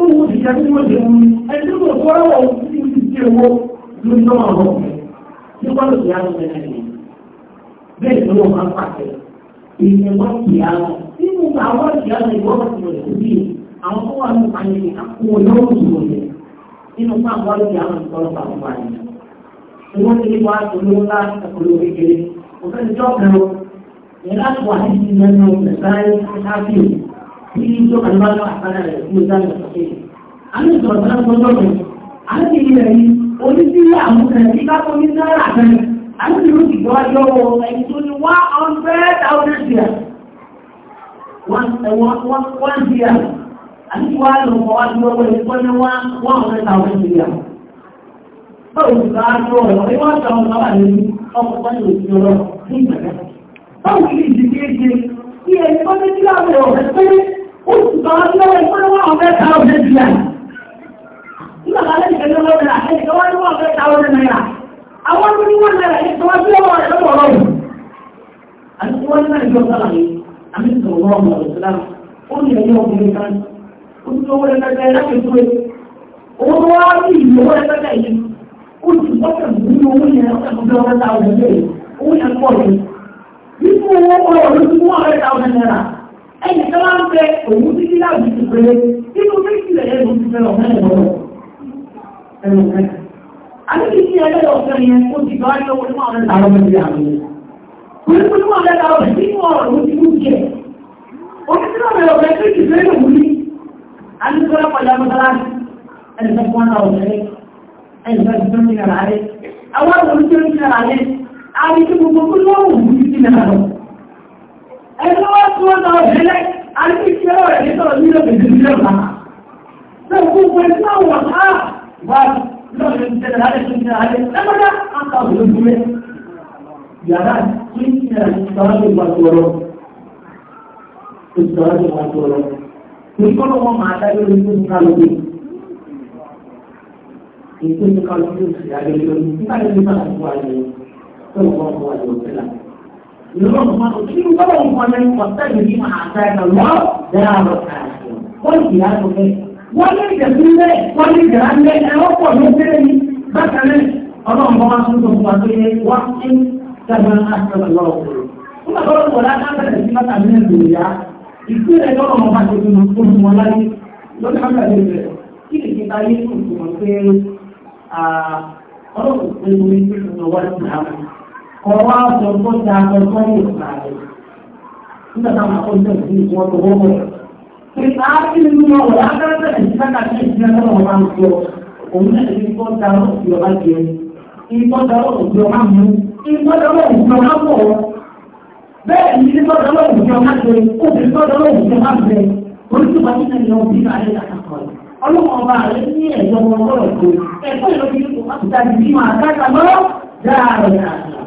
tó wọ́n ti jẹ́ tí wọ́n jẹ́ wọn ẹni tí wọ́n fọ́ra wọ́n tí wọ́n ti jẹ́ owó ló ń dánwà wọn ní wọ́n lò yá lọ mẹ́ta yìí bẹ́ẹ̀ ni wọ́n máa ń pàṣẹ ìyẹn wọ́n ti yá lọ nínú àwọn ìyá lọ ìwọ́n ti lọ sí bí àwọn tó wà ní àyè àkókò yóò ti lọ yẹ nínú fún àwọn ìyá lọ ìtọ́lọ́ pàtó wà ní. Ìwọ́n ti wá olówó ńlá olówó kékeré òfin ìjọ́ kan ìyẹn láti wà ní ìsinmi ẹnu ìsáyé yíyí tó kàn bá lọ àpárá rẹ̀ ní ìdáná ìfọ̀kẹ́ yìí. àmì ìsọ̀rọ̀ náà tó lọ́wọ́ yìí àmì ìrẹ̀ yìí onídìrí àmúkẹ́ tí káfọ́ ní náírà kan àmì ìlú ti gbọ́ yọ̀wọ̀ ẹni tó ní one one year àti wàá lọ mọ́ wá lọ ni ká lọ ọ̀rọ̀ ẹ wá sọ ọ̀rọ̀ wà lórí ọkọ̀ pálí òsì ọ̀rọ̀ ní ìgbàgbọ́. báwo ni ìdíje ṣe kí ẹni tó ní kí láwọn ọ̀rẹ́ Àwọn tó ní wọ́n náírà ní tọwọ́ tí ó wà lọ́wọ́ ọ̀rọ̀. Àti tí wọ́n náà jọ sára ní àmì ìtọ̀wọ́ ọmọ ìsìlámù. Ó ní ẹ̀yọ́ ọkùnrin kan. Ó ti owó ẹgbẹ́gbẹ́ láti tó ẹ. Owó tó wá sí ìlú owó ẹgbẹ́gbẹ́ yìí. Ó ti tọ́kẹ̀ nínú owó yẹn ọ̀sẹ̀ ọ̀rẹ́ta ọ̀rẹ́ ẹni tó máa ń fẹ́ òun títí láàbí ti pẹ̀lẹ́ nínú méjì rẹ̀ lẹ́nu ti fẹ́ ọ̀fẹ́ ẹ̀rọ ẹ̀rọ rẹ̀ àbíkí sí ẹlẹ́dọ̀ ọ̀fẹ́ yẹn ó ti gbọ́ ayé owó nípa ọ̀rẹ́ tààrọ̀ mẹ́rin àwọn yẹn òun tó nípa tààrọ̀ mẹ́rin nínú ọ̀rọ̀ ló ti mú jẹ òun tí wọ́n bẹ̀rẹ̀ ọ̀fẹ́ tó ti fẹ́ lòun ní àdúgbò pẹ̀lú ẹni fẹ́ fún ọ̀rẹ́ ẹni fẹ́ fún ọ̀rẹ́ àwọn ẹgbẹ́ wá tí wọ́n náà bẹ̀rẹ̀ àti ìṣẹ́rọ̀ ẹ̀ nítorí nílò bẹ̀rẹ̀ nílò náà náà gbogbo ẹgbẹ́ náà wọ̀ á wà lọ́dún tẹ̀lẹ̀ alẹ́ tó ń tẹ̀lẹ̀ alẹ́ ẹgbẹ́dá àkà òdòdúwẹ́ yàrá tí ń tẹ̀lẹ̀ ìṣọ́rọ̀ ìwà tọrọ ìṣọ́rọ̀ ìwà tọrọ ìkọ́lọ̀ wọn máa dájọ́ lórí ní kálódé ìpínlẹ̀ kálódé òṣèlú àgbẹ̀lẹ̀ lórí nípa ìlú náà wà ní ọ̀pọ̀lọpọ̀ للرحمن وتشيلوا طبعا ومن يقتل بما اعطاك الله دار الكافرين قلت يا اخي ولا يجوز ولا يجوز انا اقوى من ذلك مثلا اللهم بارك في مصلحته واحسن كما احسن الله اليك ثم قالوا ولا تعمل بما من الدنيا يكون اللهم بارك في مصلحته ولا lórí àwọn àgbẹ̀ rẹ̀ kí lè ṣe báyé fún ìgbìmọ̀ pé ọlọ́run pé orí pé ọ̀nà wáyé náà ọwọ́ àjọ tó ta ọjọ́ ìgbà rẹ̀. Nígbà táwọn akọ́jọ́ ìdí ìwọ́n tó wọ́n wọ̀. Ìgbà ápì nínú ọ̀rọ̀ lábẹ́rẹ́ ìsìnkáta ní ìsìnkáta náà máa ń sọ. Òun náà ti kọ́ ta ọ̀sì ọba jẹ. Ìkọ́ta ọ̀sì ọba mú. Ìkọ́ta ọ̀sì ọba pọ̀. Bẹ́ẹ̀ ni ìkọ́ta ọ̀sì ọba jẹ. Obìnrin kọ́ta ọ̀sì ọba jẹ. Oríṣiríṣi ọba nílẹ̀ ọ̀bí náà lè dàkàkọ̀ ọlọ́wọ́ ọba rẹ̀ ní ẹ̀yọ́ ọmọ ọlọ́rọ̀ tó ẹ̀kọ́ ìlọ́bí ní kò má ti dàbí bí máa dáta lọ́wọ́ dáa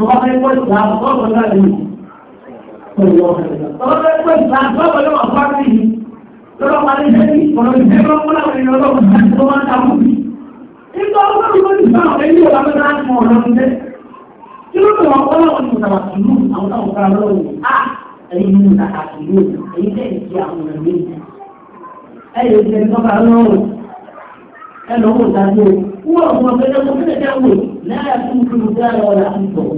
Tọ́wọ́ fẹ́ pọ̀ ìsìlámù tọ́wọ́ náà lè yìí. Tọ́wọ́ fẹ́ pọ̀ ìsìlámù tọ́wọ́ náà wà fún mi. Lọ́wọ́ parí iṣẹ́ ní ọ̀rọ̀ ìṣẹ́ bá wọ́n láwọn ènìyàn lọ́wọ́ tó máa ń ta fún mi. Nígbà wọ́n ti wọ́n ti sọ àwọn ẹni ìwà mẹ́ta láti mọ ọ̀rọ̀ ìṣẹ́. Kí ló tó wọn kọ́lá wọn ìmọ̀ta wà sùúrù àwọn táwọn kan lọ́wọ́ yìí? À ẹ̀yin ní ìtàkà sùúrù ẹ̀yin tẹ̀ sí àwọn ọ̀rọ̀ méjì. Ẹ̀yin ti ẹni tọ́ka lọ́wọ́ ẹ lọ́wọ́ ìdájọ́. Wọ́n mọ̀ pé ẹgbẹ́ fún ẹgbẹ́ wò láyà tó ń fi ìdájọ́ ọ̀la ń bọ̀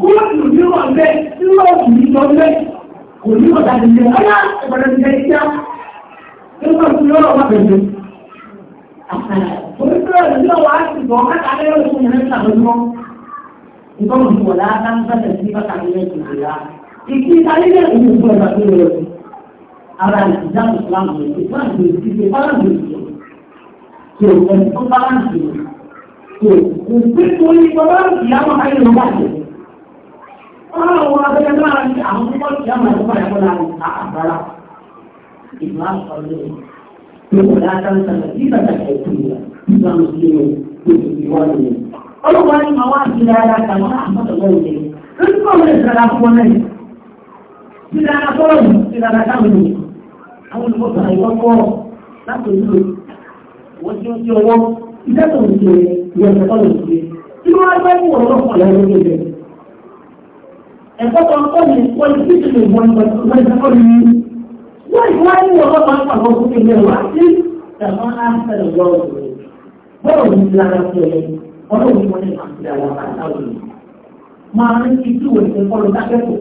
kúlọ̀kù kò ní wọ́n dàbí ṣe ọ̀yá ìbọ̀dọ̀ ti jẹ́ ìṣá nígbà tí yóò wọ́n bẹ̀rẹ̀ orí tó rẹ̀ nílò wá sí bọ̀ káta lẹ́yìn oṣù yẹn ìbọn òṣùwọ̀n láta sí bàtà nílẹ̀ ìgbéra ìkí ìtàlílẹ̀ òun ò gbọ́dọ̀ tó lọ ara ìdíjà ìsìlámù ìsìlámù ìsìlámù ìsìlámù tó ẹni Ọlọ́run ni. Ọlọ́run wá sí dáadáa tàbí àmọ́tọ̀lọ́ ìdè. Lórí kọ́ ọ̀rẹ́ ìdára fún ọ náà. Sí dáadáa tọ́lọ̀ ní sí dáadáa táwọn Àwọn olùkọ́ àìkọ́kọ́ láti ojú wọ́n tí ó ti ọwọ́ ẹ̀kọ́ kan kọ́ ní wọ́n ti ti lè wọ́n ìgbà tó lọ́jọ́ kọ́ ní. wọ́n ìwọ́n ní ọ̀rọ̀ kan pàtó fún ilé wa sí ẹ̀fọ́ áṣẹ́lẹ̀ lọ́wọ́ rẹ̀. bọ́ọ̀ ní lára fún ẹ ọlọ́run wọn ní àkùdà wà látàwọn èèyàn. máa ń fi tú òṣè kọ́ lọ dákẹ́kọ̀ọ́.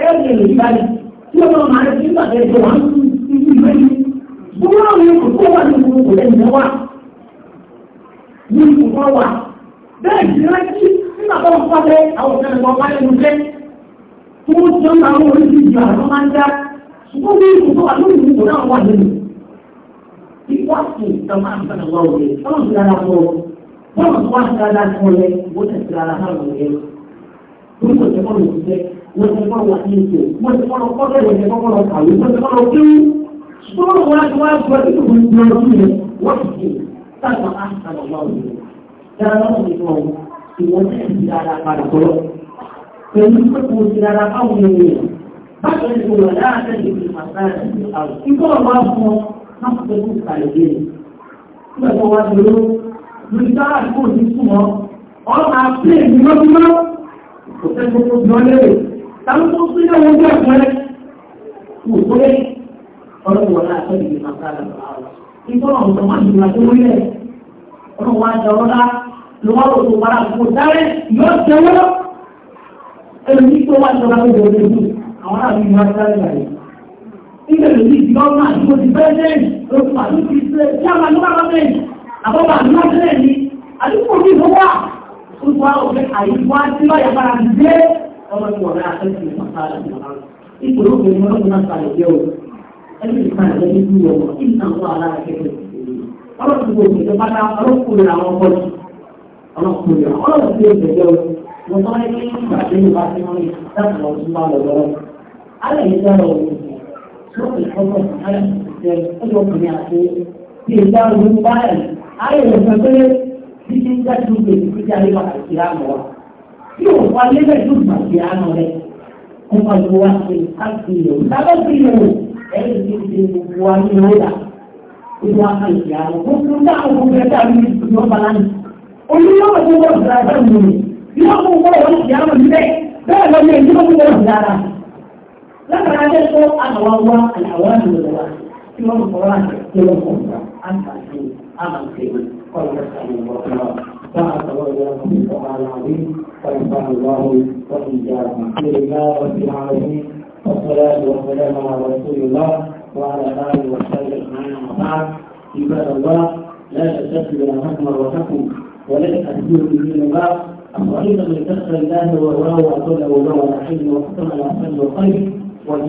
ẹ lè rí báyìí tí ó máa máa rí nígbà tẹ́lẹ̀ wà ń fi ìwé ní. gbogbo àwọn èèyàn kò wà ní gbogbo ẹ̀yìn wa. ní ìkùkọ́ wa. bẹ́ẹ̀ ni rántí nígbà tó ń pàdé àwọn òṣèlú wọn bá lẹ́nu jẹ́ tó ń jẹun àwọn oríṣiríṣi àwọn máa ń dá ṣùgbọ́n bí ìṣòro àlóyìn ìwò náà wà nínú. Ìwà sí ìtàn àǹfààní wa òye, ọlọ́run ti rárá fún ọ. Bọ́ọ̀lù tó wá sí rárá fún ọ yẹ, ìwọ tẹ̀sí rárá náà lọ yẹ. Orí kò tẹ́ bọ́ọ̀lù òṣìṣẹ́, wọ́n ti bọ́ọ̀lù wà ní ìṣe, wọ́n ti bọ́ọ̀lù kọ́kọ́ wọ́n ti bọ́ọ̀lù kàwé, wọ́n ti bọ́ọ̀lù kéwú. Ṣùgbọ́n wọ́n ti wá gbọ́ títí kò ní lọ sí yẹn, wọ́n ti ṣe táwọn àǹfààní wa òye. Dára náà pẹ̀lú pé kò sí ara fáwọn ènìyàn bákan ní kò wọ̀lá àtẹ́lẹ̀ ìlú àtàrà ìlú àwọn ikọ́ ọ̀wá fún ọ máa fẹ́ kó kàlẹ̀ dé ní. nígbà tó wá dúró lórí sáà kò sí fún ọ ọ máa pè ní mọ́túmọ́ kò fẹ́ kó kó jọ lérè táwọn tó wọ́n jẹ́ kò tó lé ọlọ́wọ́ wọ̀lá ẹlòmí tó wà ìjọba tó wọlé ní àwọn àbí ìwà sáré rẹ̀. Nígbà tó ní ìdí ọmọ àdúgbò ti bẹ́ẹ̀ lóṣù àdúgbò ti ṣe tí a máa ní bàbá bẹ́ẹ̀ àbọ̀bà àdúgbò bẹ́ẹ̀ ni àdúgbò ti fún wa. Ó wá òfin àyíká tí wọ́n yàgbá ra dé ọmọ ìwọ̀ rẹ̀ àtẹ́sí ìfọ̀sára ìjọba. Ipò ló fi mọ́ ọdún náà sàlẹ̀ jẹ́ o. Ẹni ìka ìjọba ní ìlú ọmọ kí n tàn wá alára kẹ́kẹ́. Ọlọ́run ti wo ìjọba mo tán ní kí ìgbà tí mo bá ti wọn ní láti lọ sí máa lọ lọ́wọ́. alẹ́ yìí dára òun ló fi kọ́kọ́ alẹ́ ìṣẹ́ ọlọ́kùnrin àti bí ìgbà òun báyìí alẹ́ yìí sọ pé títí ń dájú pé títí alẹ́ wà kàkiri àmọ́ wa. tí o wà lébẹ̀ tó gbà sí àmọ́ rẹ̀ kó wà ló wá sí káàkiri yòó lábẹ́ sí yòó ẹ̀yìn tí ti wà ní ìwọ́dà ìwà kàkiri àmọ́ gbogbo dáhùn gbogbo ẹ̀dá mi ní ìtùnú ọ bí wọ́n kó wọ́n wọ́n ti yára níbẹ̀ bẹ́ẹ̀ lọ ní ẹjọ́ tó wọ́n dára látara jẹ́ tó àwọ̀ wa àwọ̀ àlùwẹ̀ wa tí wọ́n kọ̀ wá àti wọ́n kọ̀ wá àǹfààní àmàǹfẹ́ kọ́lọ́ sàlẹ̀ wọ́n والصلاة والسلام على رسول الله وعلى آله وصحبه أجمعين وبعد عباد الله لا تستسلم همكم وحكم ولا تأتوا به الله الصحيح من ذكر الله وروى له وروى الحل وحكم على حل الخير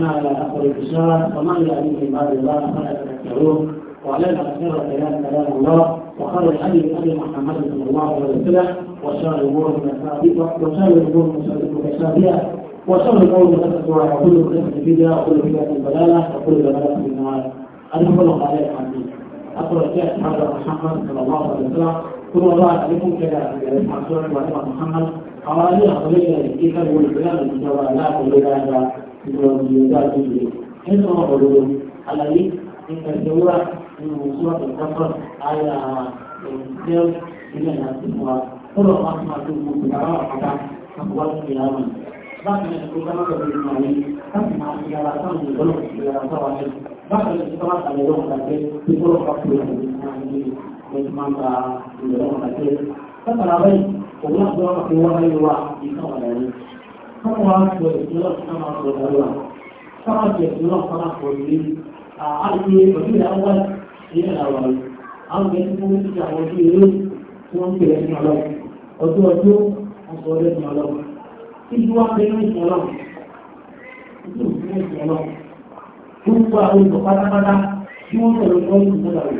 على اخر الإشارة وما الى من بعد الله فلا تذكرون وعلى الاخير كلام كلام الله وخير الحديث ابي محمد صلى الله عليه وسلم وشر الامور مسابقه وشر الامور مسابقه شابيه وشر الامور مسابقه وكل كلمه بدعه وكل بدعه ضلاله وكل ضلاله في النار. أدخل عليك الحديث. أقرأ شيخ محمد صلى الله عليه وسلم ثم ضاعت عليكم كذا المحصول وعلى محمد حوالي حوالي كيف يقول الكلام المستوى لا تقول هذا بمجيزات جديد حين ما قلوه على لي إن الجوة من سورة الكفر على الجو إلى الأسماء كل ما أسمع كل مستوى حتى أقوال قياما بعد أن يكون كما قبل المعين تسمع إلى رسام الظلم إلى رسام بعد الإصرار على يوم الأخير في كل خطوة المعين Usman ka Ndoro Kake. Sábàlá bẹ́ẹ̀, òun náà tó wọ́n fi wọ́n ayé wa ìkan ọ̀dà ni. Káwọn wá sọ èsì náà sí máa sọ ọ̀dà wa. Káwọn sọ èsì náà sí máa sọ ìlú. Àìsí pẹ̀lú ìyá wá sí ìyá wa rẹ̀. Àwọn ìyẹn tí wọ́n ti àwọn ojú eré tí wọ́n ń pè lẹ́sìn ọlọ́run. Ọjọ́ ọjọ́ wọ́n sọ lẹ́sìn ọlọ́run. Títí wá pé lẹ́sìn ọlọ́run. Títí wọ́n pé lẹ́sìn ọlọ́run. Gbogbo àwọn ìtọ̀ pátápátá tí wọ́n sọ̀rọ̀ lọ́rùn ìtọ́jà rẹ̀.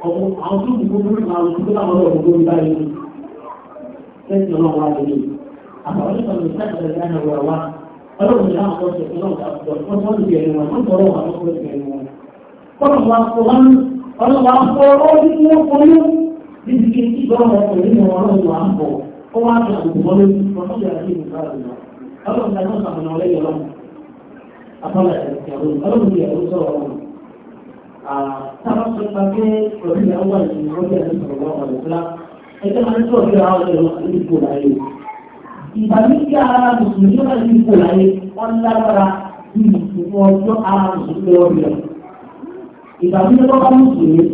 ọ̀pọ̀ àwọn tó kù fún orí àwọn tó láwọn ọ̀rọ̀ tó ń bá yìí lẹ́yìn ọlọ́wọ́ àdéhùn àbáwọn nípa lè sáà ìgbàlẹ̀ náà wà wá ọlọ́run ní àwọn ọ̀sẹ̀ tó náà dàpọ̀ wọ́n tó ń bẹ̀rẹ̀ wọn wọ́n tọrọ àwọn tó ń bẹ̀rẹ̀ wọn. ọlọ́run wa kọ wọn ọlọ́run wa kọ ọdún tí wọ́n kọ yó bíbi kí n kíkọ́ ọmọ ọkùnrin ní ọlọ́run wa ń bọ̀ ó wá ní àgùkù wọn lórí wọn tó yàrá sí ìgbà rẹ̀ ọlọ́run ní àwọn ọ̀sán ọ̀nà ọ̀rẹ́ yọ̀ọ́ sábà sọ pa pé òbí rẹ̀ wà ní ọjọ́ ìlú sọ̀rọ̀ wọn ọ̀rọ̀ fúlá ẹgbẹ́ máa ń tọ́ ọ̀gá àwọn ẹ̀rọ ní ipò láyé ìbàmí kí ara mùsùlùmí yóò máa ní ipò láyé wọn lágbára bí mùsùlùmí ọjọ́ ara mùsùlùmí lọ́wọ́ rẹ̀ ìbàmí lọ́wọ́ mùsùlùmí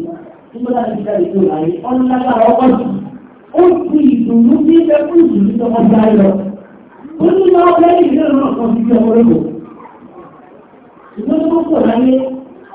nígbà láti dá ipò láyé wọn lágbára ọkọ̀ jù ó ti ìdùnnú sí ẹgbẹ́ fún ìdùnnú tọkọ já lọ ó ní lọ́wọ́ lẹ́yìn ìdílé ọmọ rẹ̀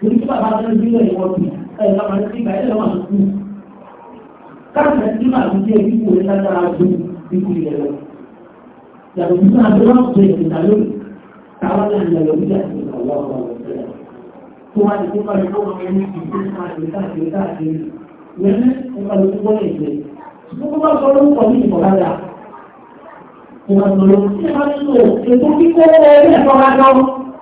torí tí bàbá tó ń gbílẹ̀ ìwọ̀n tì ẹ̀ lọ́mọ ní ti bàyẹ̀ lọ́mọ tó kú. káàkiri tí màá fi jẹ́ ibi kò lágbára ju ikú ilẹ̀ lọ. yàtọ̀ tí máa bẹ wọ́n pè é ìgbà lónìí náà ń lọ bí àti ìgbàlọ́ ọ̀rọ̀ ọ̀sẹ̀ tó wá ní kó bá yẹ kó wọn ní ìgbésẹ̀ káàkiri káàkiri káàkiri wẹ́lẹ́ kó bá yẹ kó lò ètò kíkọ́ ẹ̀rẹ́ ẹ̀kọ́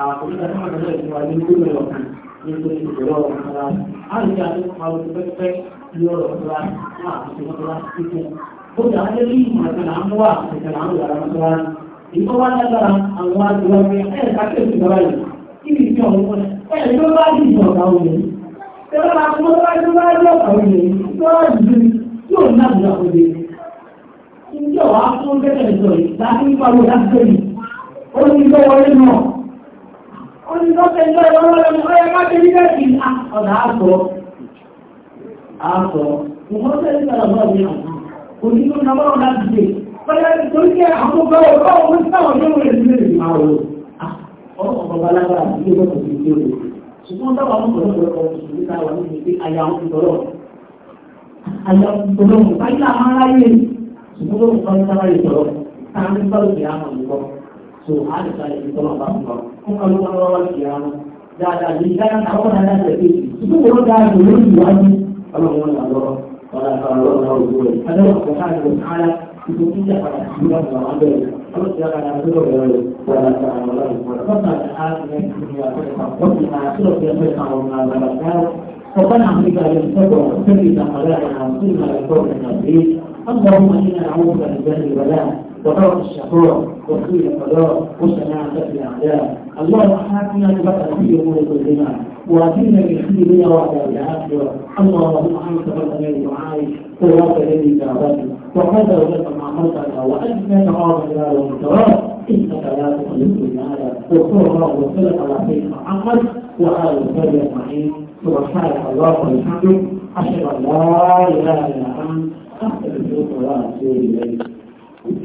àkọsílẹ̀ tó máa tẹ̀lé ìwà ní gbogbo ọ̀kan nítorí ìṣòro ọ̀rọ̀ mọ́ra á lè dá tó máa lọ́tọ́ pẹ́pẹ́ ní ọ̀rọ̀ mọ́ra náà àti mọ́tọ́lá títún ó dà á lé ní ìmọ̀ ẹ̀ka là ń wà ẹ̀ka là ń wà lára mọ́tọ́lá ìgbọ́ wá lágbára àwọn àjọyọ̀ pé ẹ̀ ká tẹ̀ sí ìjọba yìí kí ni ìjọ òun kọ́ ẹ̀ ló bá dì ìjọ ọ̀gá òun yìí ẹ̀rọ àti mọ́tọ́lá tó bá dì ọ̀gá òun yìí tó wá jù yóò náà jù àkójọ ìjọ wa fún bẹ́ẹ̀ sọ̀rọ̀ láti ń pariwo láti tẹ̀lé ó ní ìjọ wọlé náà ó ní lọ́sẹ̀ ìjọ ìwọ̀n lọ́rọ̀ mú ẹ má ti rí bẹ́ẹ̀kì ọ̀dà àtọ̀ àtọ̀ ìmọ̀sẹ̀ ìjọba náà ní àná kò ní tó nàbọ̀ ọ̀dà ti dé pẹ̀lú ẹni tó ń jẹ́ àwọn ọgbà ọgbà ọgbà táwọn yóò rẹ̀ sí lè máa wò ọ̀rọ̀ ọ̀gbà lágbára àti ilé so a lè ta ìdí tọ́lọ̀ bá fún wa fún ọdún wọn lọ́wọ́ sí ara wọn dáadáa lè dá àwọn ọ̀nà náà lè fi ìtú wọn dáa lè lórí ìwájú ọlọ́run wọn là lọ́rọ́ wọn là lọ́rọ́ náà òwú rẹ̀ adọ́rọ̀ kò ká lè ká la ìtú tí ìjà padà sí ìwà ìwà wọn bẹ̀rẹ̀ ọlọ́run ti ra kàdà tó lọ́rọ̀ rẹ̀ wọn là ta àwọn ọlọ́run wọn lọ́rọ̀ náà á ti rẹ̀ kí ni àkọ́kọ́ ربنا عملك على الصبر وكفي على عن سنة الكون النبي اللهم انا نعوذ بك من البلاء وترك الشكور وسوء القضاء وشناعة الأعداء اللهم حاكمنا لبقى في أمور كلنا وأتينا بالحمد بخيرنا وعلى الآخرة اللهم أنت فضلني دعائي وراك لي دعوتي وقدر لك ما عملتك وأنت تعاون إلى يوم إنك لا تخلف المال وصلى الله وسلم على سيدنا محمد وآل وصحبه أجمعين سبحانك اللهم وبحمدك أشهد أن لا إله إلا أنت أستغفرك وأتوب إليك